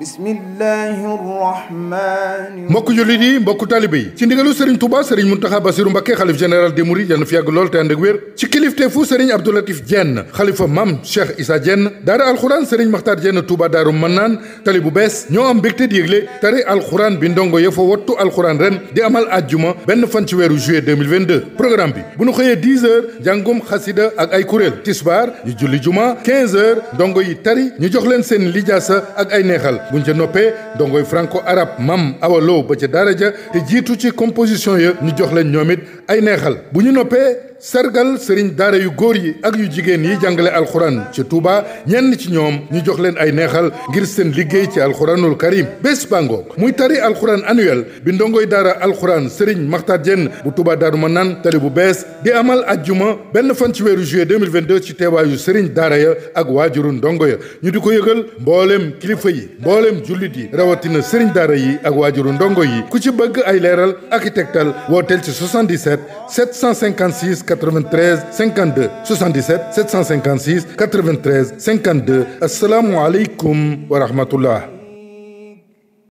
bismillahi rahmani mbokk jullit yi mbokk taalibe yi ci ndigalu sëriñ Touba sëriñ Muntaxa Basiru Mbakke xalif général des Mourides yàlla na fi yàgg lool te ànd ak wér ci kilifte fu sëriñ Abdoulatif Diène xalifa mam Cheikh Issa Diène daara alxuraan sëriñ Maxtaar Diène Touba daaru Mannaan tali bu bees ñoo am mbégte di yëgle tari alxuraan bi ndongo ya foo wattu alxuraan ren di amal juma benn fan ci weeru juillet 2022 programme bi bu ñu xëyee 10 heures jàngum xasida ak ay kuréel tisbaar ñu julli juma 15 heures ndongo yi tari ñu jox leen seen lijaasa ak ay buñ ca noppee ndongoy franco arabe mam awaloo ba ca dara ja te jiitu ci composition ya ñu jox leen ñoom it ay neexal bu ñu noppee sargal sëriñ daara yu góor yi ak yu jigéen yi jàngale alxuraan ci Touba ñenn ci ñoom ñu jox leen ay neexal ngir seen liggéey ci alxuraanul karim bés bangook muy tari alxuraan annuel bi ndongoy daara alxuraan sëriñ Maxtar Diène bu Touba Daaru Manaan tali bu bees di amal ajjuma benn fan ci weeru juillet 2022 ci teewaayu sëriñ daara ya ak waajuru ndongo ya ñu di ko yëgal mbooleem kilifa yi mbooleem jullit yi rawatina sëriñ daara yi ak waajuru ndongo yi ku ci bëgg ay leeral ak i tegtal wooteel ci 77 756 93 52 77 756 93 52 asalaamualeykum wa rahmatullah